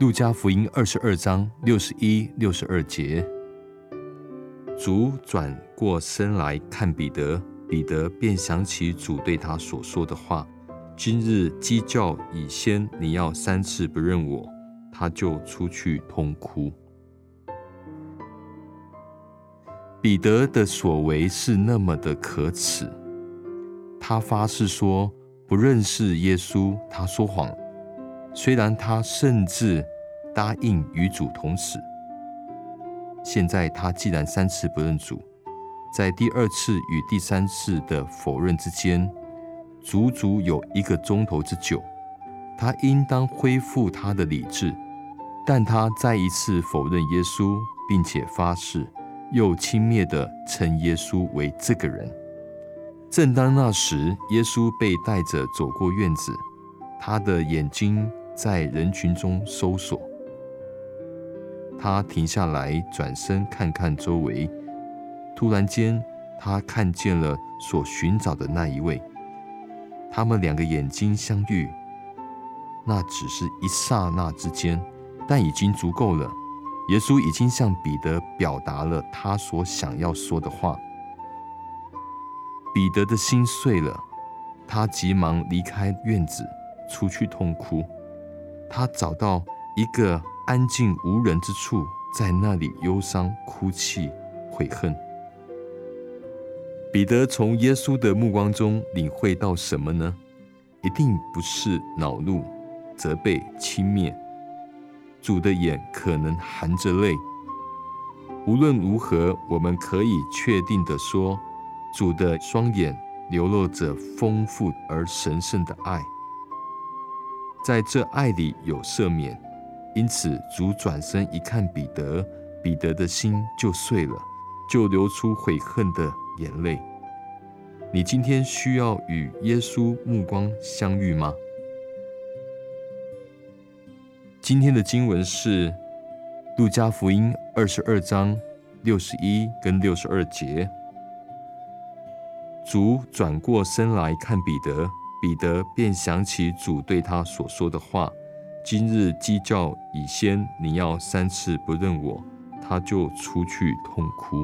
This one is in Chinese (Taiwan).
路加福音二十二章六十一、六十二節，主轉過身來看彼得，彼得便想起主對他所說的話：“今日雞叫以先，你要三次不認我。”他就出去痛哭。彼得的所為是那麼的可恥，他發誓說不認識耶穌，他說謊。雖然他甚至答應與主同死，現在他既然三次不認主，在第二次與第三次的否認之間，足足有一個鐘頭之久，他應當恢復他的理智，但他再一次否認耶穌，並且發誓，又輕蔑地稱耶穌為這個人。正當那時，耶穌被帶着走過院子，他的眼睛。在人群中搜索，他停下來，轉身看看周圍。突然間，他看見了所尋找的那一位。他們兩個眼睛相遇，那只是一剎那之間，但已經足夠了。耶穌已經向彼得表達了他所想要說的話。彼得的心碎了，他急忙離開院子，出去痛哭。他找到一個安靜無人之處，在那裡憂傷、哭泣、悔恨。彼得從耶穌的目光中領會到什麼呢？一定不是惱怒、責備、輕蔑。主的眼可能含着淚。無論如何，我們可以確定地說，主的雙眼流露着豐富而神聖的愛。在這愛裡有赦免，因此主轉身一看彼得，彼得的心就碎了，就流出悔恨的眼淚。你今天需要與耶穌目光相遇嗎？今天的經文是《路加福音》二十二章六十一跟六十二節。主轉過身來看彼得。彼得便想起主對他所說的話：“今日雞叫已先，你要三次不認我。”他就出去痛哭。